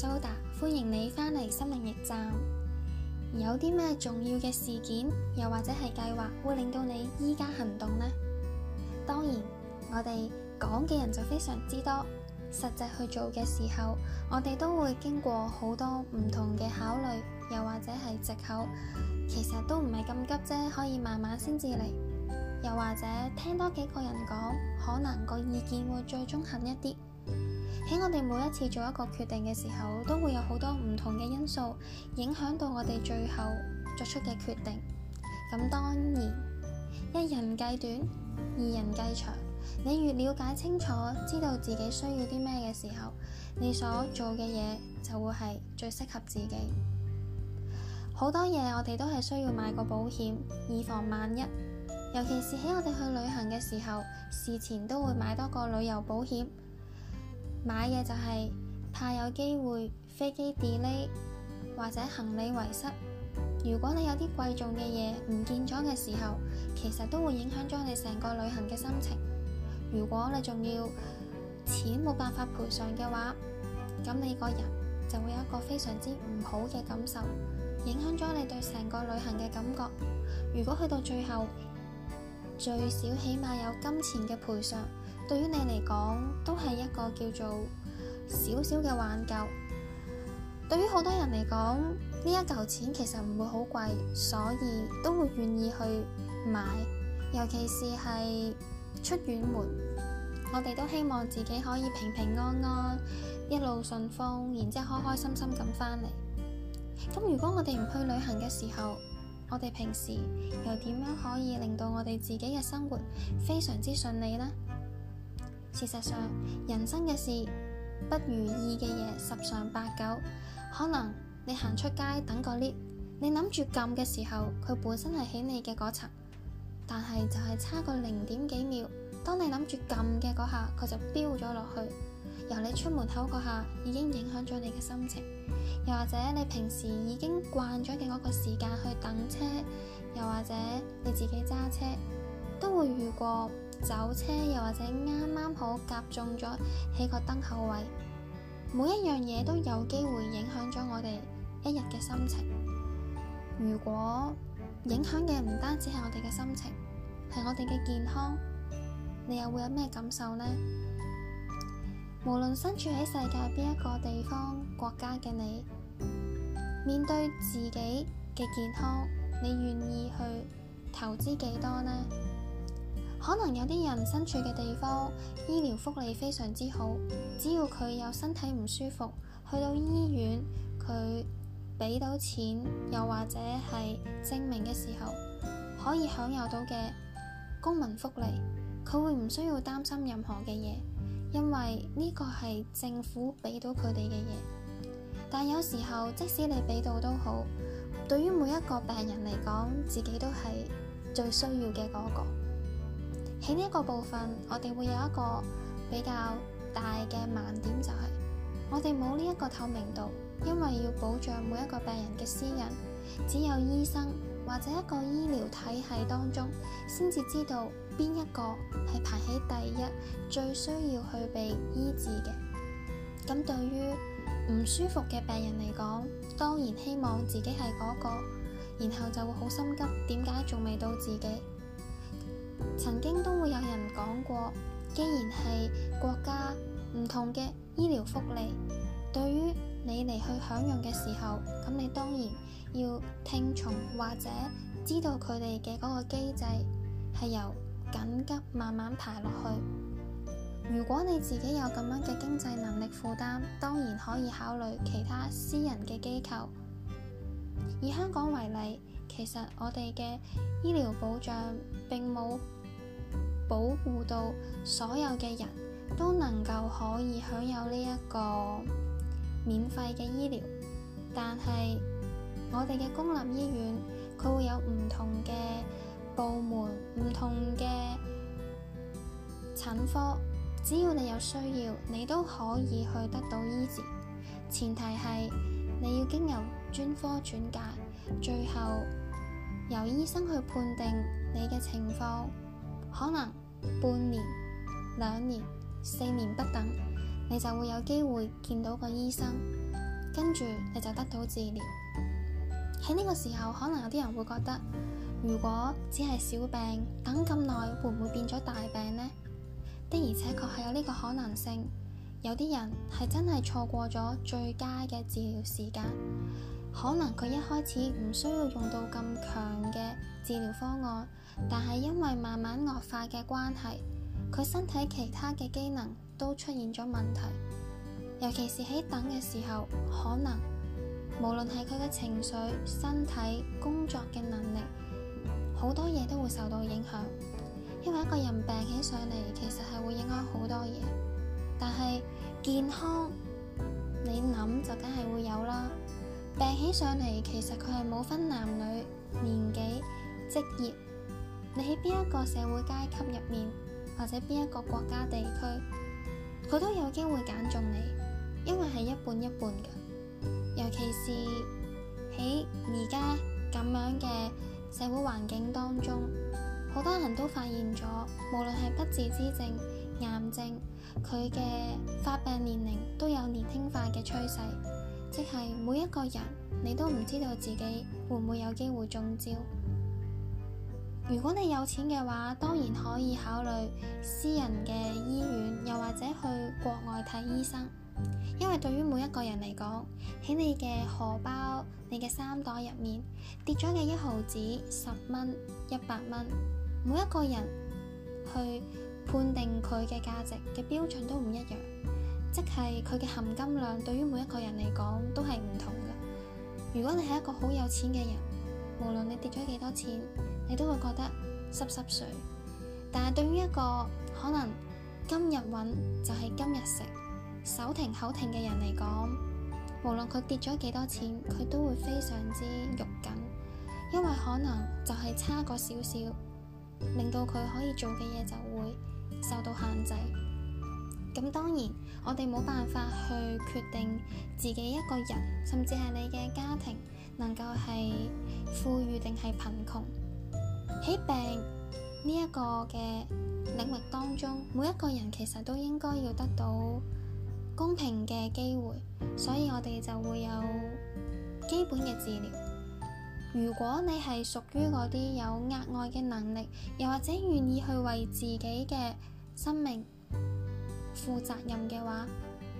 蘇達，Soda, 歡迎你返嚟心靈驛站。有啲咩重要嘅事件，又或者係計劃，會令到你依家行動呢？當然，我哋講嘅人就非常之多。實際去做嘅時候，我哋都會經過好多唔同嘅考慮，又或者係借口。其實都唔係咁急啫，可以慢慢先至嚟。又或者聽多幾個人講，可能個意見會最中肯一啲。喺我哋每一次做一個決定嘅時候，都會有好多唔同嘅因素影響到我哋最後作出嘅決定。咁當然，一人計短，二人計長。你越了解清楚，知道自己需要啲咩嘅時候，你所做嘅嘢就會係最適合自己。好多嘢我哋都係需要買個保險，以防萬一。尤其是喺我哋去旅行嘅時候，事前都會買多個旅遊保險。買嘢就係怕有機會飛機 delay 或者行李遺失。如果你有啲貴重嘅嘢唔見咗嘅時候，其實都會影響咗你成個旅行嘅心情。如果你仲要錢冇辦法賠償嘅話，咁你個人就會有一個非常之唔好嘅感受，影響咗你對成個旅行嘅感覺。如果去到最後最少起碼有金錢嘅賠償。對於你嚟講，都係一個叫做小小嘅挽救。對於好多人嚟講，呢一嚿錢其實唔會好貴，所以都會願意去買。尤其是係出遠門，我哋都希望自己可以平平安安，一路順風，然之後開開心心咁返嚟。咁如果我哋唔去旅行嘅時候，我哋平時又點樣可以令到我哋自己嘅生活非常之順利呢？事實上，人生嘅事不如意嘅嘢，十常八九。可能你行出街等個 lift，你諗住撳嘅時候，佢本身係喺你嘅嗰層，但係就係差個零點幾秒。當你諗住撳嘅嗰下，佢就飆咗落去，由你出門口嗰下已經影響咗你嘅心情。又或者你平時已經慣咗嘅嗰個時間去等車，又或者你自己揸車都會遇過。走車，又或者啱啱好夾中咗喺個燈口位，每一樣嘢都有機會影響咗我哋一日嘅心情。如果影響嘅唔單止係我哋嘅心情，係我哋嘅健康，你又會有咩感受呢？無論身處喺世界邊一個地方、國家嘅你，面對自己嘅健康，你願意去投資幾多呢？可能有啲人身處嘅地方醫療福利非常之好，只要佢有身體唔舒服，去到醫院佢俾到錢又或者係證明嘅時候，可以享有到嘅公民福利，佢會唔需要擔心任何嘅嘢，因為呢個係政府俾到佢哋嘅嘢。但有時候即使你俾到都好，對於每一個病人嚟講，自己都係最需要嘅嗰個。喺呢一個部分，我哋會有一個比較大嘅盲點，就係我哋冇呢一個透明度，因為要保障每一個病人嘅私隱，只有醫生或者一個醫療體系當中先至知道邊一個係排喺第一，最需要去被醫治嘅。咁對於唔舒服嘅病人嚟講，當然希望自己係嗰個，然後就會好心急，點解仲未到自己？曾經都會有人講過，既然係國家唔同嘅醫療福利，對於你嚟去享用嘅時候，咁你當然要聽從或者知道佢哋嘅嗰個機制係由緊急慢慢排落去。如果你自己有咁樣嘅經濟能力負擔，當然可以考慮其他私人嘅機構。以香港為例。其實我哋嘅醫療保障並冇保護到所有嘅人都能夠可以享有呢一個免費嘅醫療。但係我哋嘅公立醫院，佢會有唔同嘅部門、唔同嘅診科，只要你有需要，你都可以去得到醫治。前提係你要經由專科轉介，最後。由醫生去判定你嘅情況，可能半年、兩年、四年不等，你就會有機會見到個醫生，跟住你就得到治療。喺呢個時候，可能有啲人會覺得，如果只係小病，等咁耐，會唔會變咗大病呢？的而且確係有呢個可能性，有啲人係真係錯過咗最佳嘅治療時間。可能佢一開始唔需要用到咁強嘅治療方案，但係因為慢慢惡化嘅關係，佢身體其他嘅機能都出現咗問題，尤其是喺等嘅時候，可能無論係佢嘅情緒、身體、工作嘅能力，好多嘢都會受到影響。因為一個人病起上嚟，其實係會影響好多嘢，但係健康你諗就梗係會有啦。病起上嚟，其實佢係冇分男女、年紀、職業，你喺邊一個社會階級入面，或者邊一個國家地區，佢都有機會揀中你，因為係一半一半嘅。尤其是喺而家咁樣嘅社會環境當中，好多人都發現咗，無論係不治之症、癌症，佢嘅發病年齡都有年輕化嘅趨勢。即係每一個人，你都唔知道自己會唔會有機會中招。如果你有錢嘅話，當然可以考慮私人嘅醫院，又或者去國外睇醫生。因為對於每一個人嚟講，喺你嘅荷包、你嘅衫袋入面跌咗嘅一毫紙、十蚊、一百蚊，每一個人去判定佢嘅價值嘅標準都唔一樣。即係佢嘅含金量，對於每一個人嚟講都係唔同㗎。如果你係一個好有錢嘅人，無論你跌咗幾多錢，你都會覺得濕濕碎。但係對於一個可能今日揾，就係今日食，手停口停嘅人嚟講，無論佢跌咗幾多錢，佢都會非常之肉緊，因為可能就係差個少少，令到佢可以做嘅嘢就會受到限制。咁當然，我哋冇辦法去決定自己一個人，甚至係你嘅家庭能夠係富裕定係貧窮。喺病呢一個嘅領域當中，每一個人其實都應該要得到公平嘅機會，所以我哋就會有基本嘅治療。如果你係屬於嗰啲有額外嘅能力，又或者願意去為自己嘅生命負責任嘅話，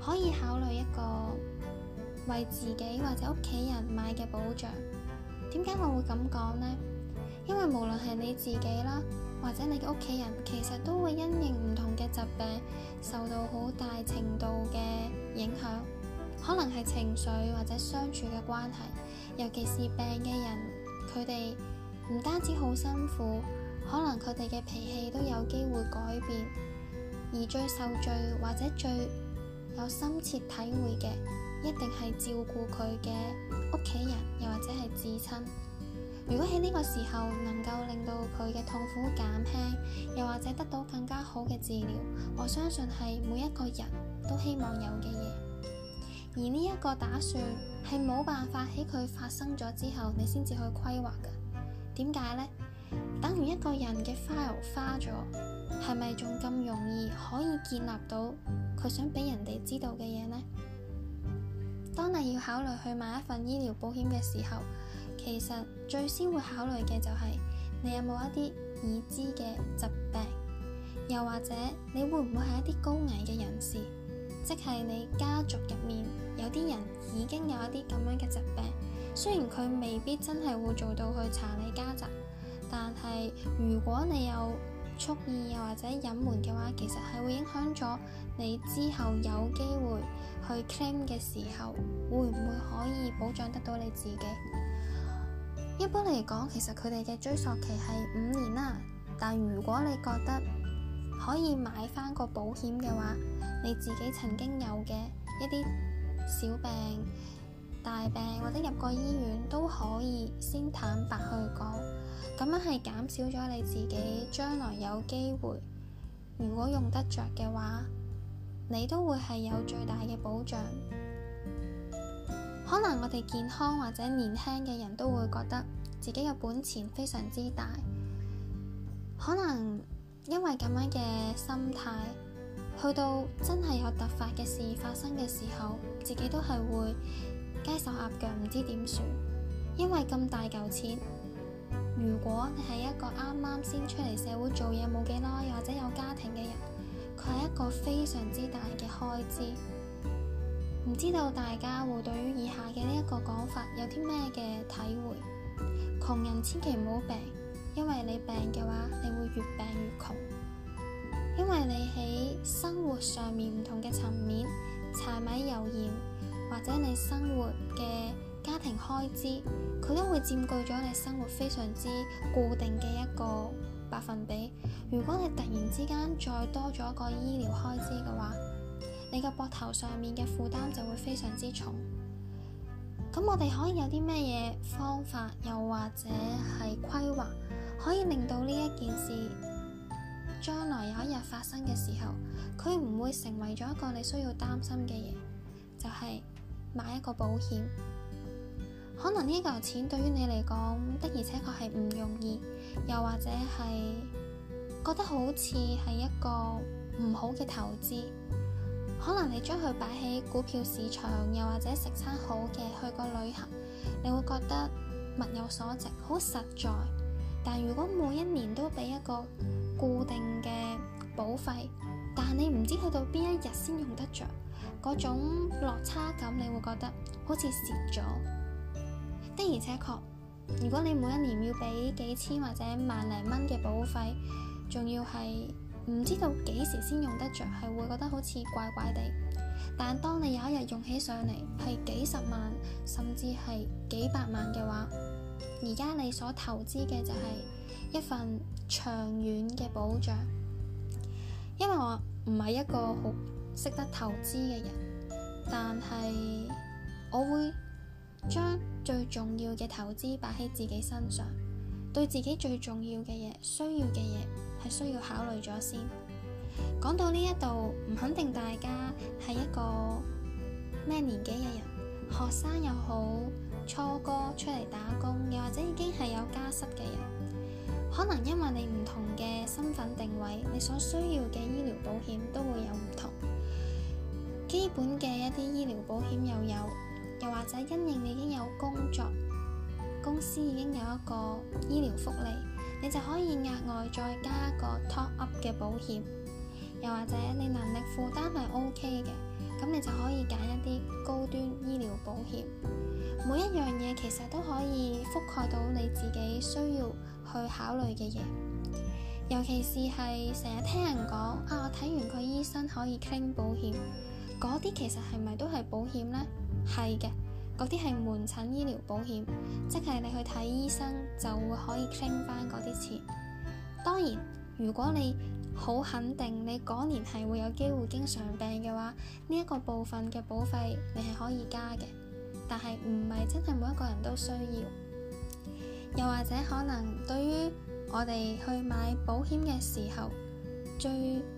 可以考慮一個為自己或者屋企人買嘅保障。點解我會咁講呢？因為無論係你自己啦，或者你嘅屋企人，其實都會因應唔同嘅疾病，受到好大程度嘅影響。可能係情緒或者相處嘅關係，尤其是病嘅人，佢哋唔單止好辛苦，可能佢哋嘅脾氣都有機會改變。而最受罪或者最有深切體會嘅，一定係照顧佢嘅屋企人，又或者係至親。如果喺呢個時候能夠令到佢嘅痛苦減輕，又或者得到更加好嘅治療，我相信係每一個人都希望有嘅嘢。而呢一個打算係冇辦法喺佢發生咗之後，你先至去規劃㗎。點解呢？等於一個人嘅 file 花咗。係咪仲咁容易可以建立到佢想俾人哋知道嘅嘢呢？當你要考慮去買一份醫療保險嘅時候，其實最先會考慮嘅就係你有冇一啲已知嘅疾病，又或者你會唔會係一啲高危嘅人士，即係你家族入面有啲人已經有一啲咁樣嘅疾病。雖然佢未必真係會做到去查你家宅，但係如果你有。蓄意又或者隱瞞嘅話，其實係會影響咗你之後有機會去 claim 嘅時候，會唔會可以保障得到你自己？一般嚟講，其實佢哋嘅追溯期係五年啦。但如果你覺得可以買翻個保險嘅話，你自己曾經有嘅一啲小病、大病或者入過醫院都可以先坦白去講。咁樣係減少咗你自己將來有機會，如果用得着嘅話，你都會係有最大嘅保障。可能我哋健康或者年輕嘅人都會覺得自己嘅本錢非常之大，可能因為咁樣嘅心態，去到真係有突發嘅事發生嘅時候，自己都係會雞手鴨腳，唔知點算，因為咁大嚿錢。如果你係一個啱啱先出嚟社會做嘢冇幾耐，或者有家庭嘅人，佢係一個非常之大嘅開支。唔知道大家會對於以下嘅呢一個講法有啲咩嘅體會？窮人千祈唔好病，因為你病嘅話，你會越病越窮。因為你喺生活上面唔同嘅層面，柴米油鹽，或者你生活嘅。家庭開支，佢都會佔據咗你生活非常之固定嘅一個百分比。如果你突然之間再多咗一個醫療開支嘅話，你嘅膊頭上面嘅負擔就會非常之重。咁我哋可以有啲咩嘢方法，又或者係規劃，可以令到呢一件事將來有一日發生嘅時候，佢唔會成為咗一個你需要擔心嘅嘢，就係買一個保險。可能呢嚿錢對於你嚟講的而且確係唔容易，又或者係覺得好似係一個唔好嘅投資。可能你將佢擺喺股票市場，又或者食餐好嘅去個旅行，你會覺得物有所值，好實在。但如果每一年都俾一個固定嘅保費，但係你唔知去到邊一日先用得着，嗰種落差感，你會覺得好似蝕咗。的而且確，如果你每一年要俾幾千或者萬零蚊嘅保費，仲要係唔知道幾時先用得着，係會覺得好似怪怪地。但係當你有一日用起上嚟係幾十萬，甚至係幾百萬嘅話，而家你所投資嘅就係一份長遠嘅保障。因為我唔係一個好識得投資嘅人，但係我會將。最重要嘅投資擺喺自己身上，對自己最重要嘅嘢、需要嘅嘢係需要考慮咗先。講到呢一度，唔肯定大家係一個咩年紀嘅人，學生又好，初哥出嚟打工，又或者已經係有家室嘅人，可能因為你唔同嘅身份定位，你所需要嘅醫療保險都會有唔同。基本嘅一啲醫療保險又有。又或者因應你已經有工作，公司已經有一個醫療福利，你就可以額外再加一個 top up 嘅保險。又或者你能力負擔係 OK 嘅，咁你就可以揀一啲高端醫療保險。每一樣嘢其實都可以覆蓋到你自己需要去考慮嘅嘢，尤其是係成日聽人講啊，我睇完佢醫生可以傾保險，嗰啲其實係咪都係保險呢？係嘅，嗰啲係門診醫療保險，即係你去睇醫生就會可以 claim 返嗰啲錢。當然，如果你好肯定你嗰年係會有機會經常病嘅話，呢、這、一個部分嘅保費你係可以加嘅，但係唔係真係每一個人都需要。又或者可能對於我哋去買保險嘅時候，最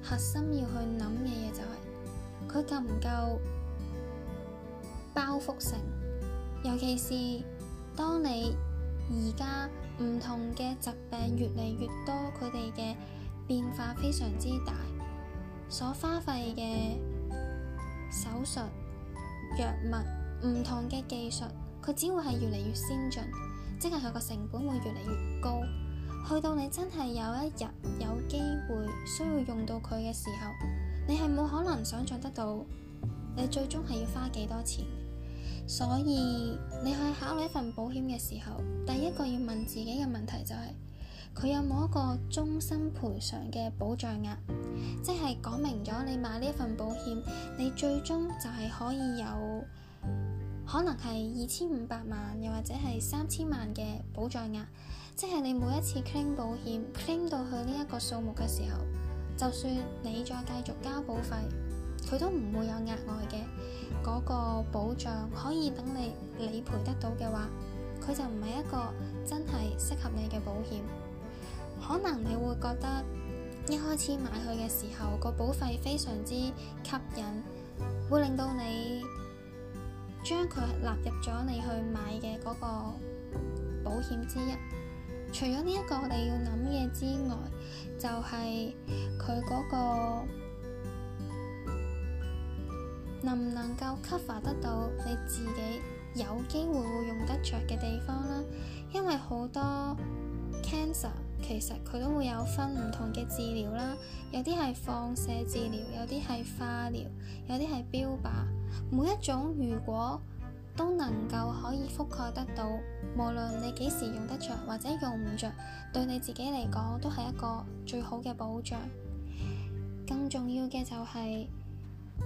核心要去諗嘅嘢就係、是、佢夠唔夠。包覆性，尤其是當你而家唔同嘅疾病越嚟越多，佢哋嘅變化非常之大，所花費嘅手術、藥物、唔同嘅技術，佢只會係越嚟越先進，即係佢個成本會越嚟越高。去到你真係有一日有機會需要用到佢嘅時候，你係冇可能想象得到你最終係要花幾多錢。所以你去考慮一份保險嘅時候，第一個要問自己嘅問題就係，佢有冇一個終身賠償嘅保障額，即係講明咗你買呢一份保險，你最終就係可以有可能係二千五百萬，又或者係三千萬嘅保障額，即係你每一次 claim 保險 claim 到去呢一個數目嘅時候，就算你再繼續交保費。佢都唔會有額外嘅嗰個保障，可以等你理賠得到嘅話，佢就唔係一個真係適合你嘅保險。可能你會覺得一開始買佢嘅時候，個保費非常之吸引，會令到你將佢納入咗你去買嘅嗰個保險之一。除咗呢一個你要諗嘅之外，就係佢嗰個。能唔能夠 cover 得到你自己有機會會用得着嘅地方啦？因為好多 cancer 其實佢都會有分唔同嘅治療啦，有啲係放射治療，有啲係化療，有啲係標靶。每一種如果都能夠可以覆蓋得到，無論你幾時用得着或者用唔着，對你自己嚟講都係一個最好嘅保障。更重要嘅就係。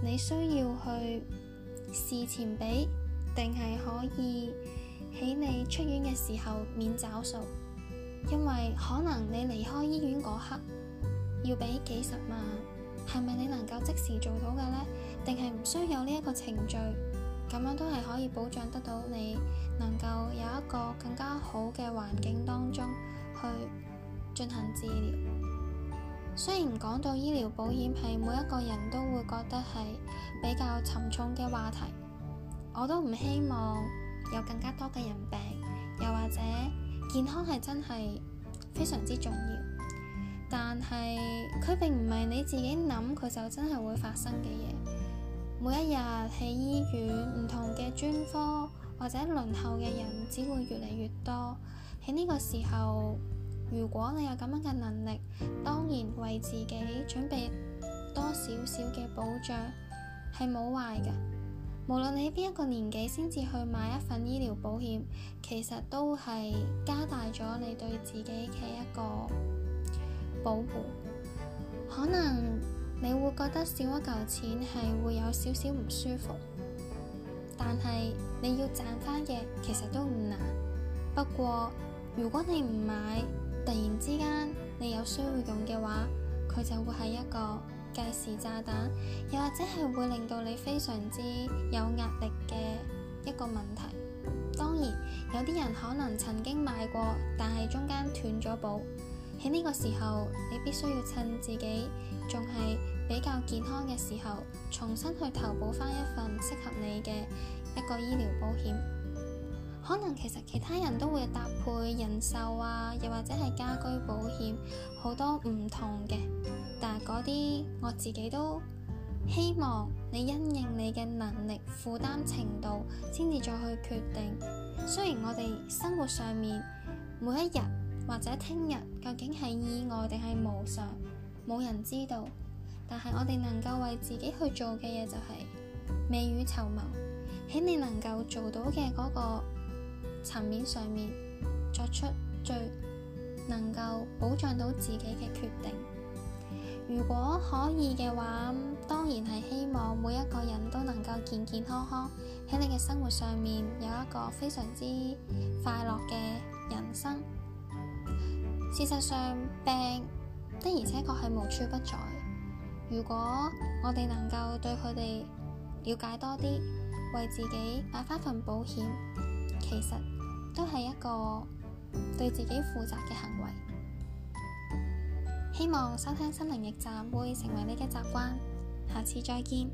你需要去事前俾，定係可以喺你出院嘅時候免找數？因為可能你離開醫院嗰刻要俾幾十萬，係咪你能夠即時做到嘅呢？定係唔需要有呢一個程序，咁樣都係可以保障得到你能夠有一個更加好嘅環境當中去進行治療。雖然講到醫療保險，係每一個人都會覺得係比較沉重嘅話題，我都唔希望有更加多嘅人病。又或者健康係真係非常之重要，但係佢並唔係你自己諗佢就真係會發生嘅嘢。每一日喺醫院唔同嘅專科或者輪候嘅人，只會越嚟越多，喺呢個時候。如果你有咁樣嘅能力，當然為自己準備多少少嘅保障係冇壞嘅。無論你喺邊一個年紀先至去買一份醫療保險，其實都係加大咗你對自己嘅一個保護。可能你會覺得少一嚿錢係會有少少唔舒服，但係你要賺翻嘅其實都唔難。不過如果你唔買，突然之間，你有需要用嘅話，佢就會係一個計時炸彈，又或者係會令到你非常之有壓力嘅一個問題。當然，有啲人可能曾經買過，但係中間斷咗保。喺呢個時候，你必須要趁自己仲係比較健康嘅時候，重新去投保翻一份適合你嘅一個醫療保險。可能其實其他人都會搭配人壽啊，又或者係家居保險，好多唔同嘅。但係嗰啲我自己都希望你因應你嘅能力負擔程度先至再去決定。雖然我哋生活上面每一日或者聽日究竟係意外定係無常，冇人知道。但係我哋能夠為自己去做嘅嘢就係未雨綢繆，喺你能夠做到嘅嗰個層面上面作出最能夠保障到自己嘅決定。如果可以嘅話，當然係希望每一個人都能夠健健康康，喺你嘅生活上面有一個非常之快樂嘅人生。事實上，病的而且確係無處不在。如果我哋能夠對佢哋了解多啲，為自己買翻份保險，其實……都係一個對自己負責嘅行為。希望收聽心靈驛站會成為你嘅習慣。下次再見。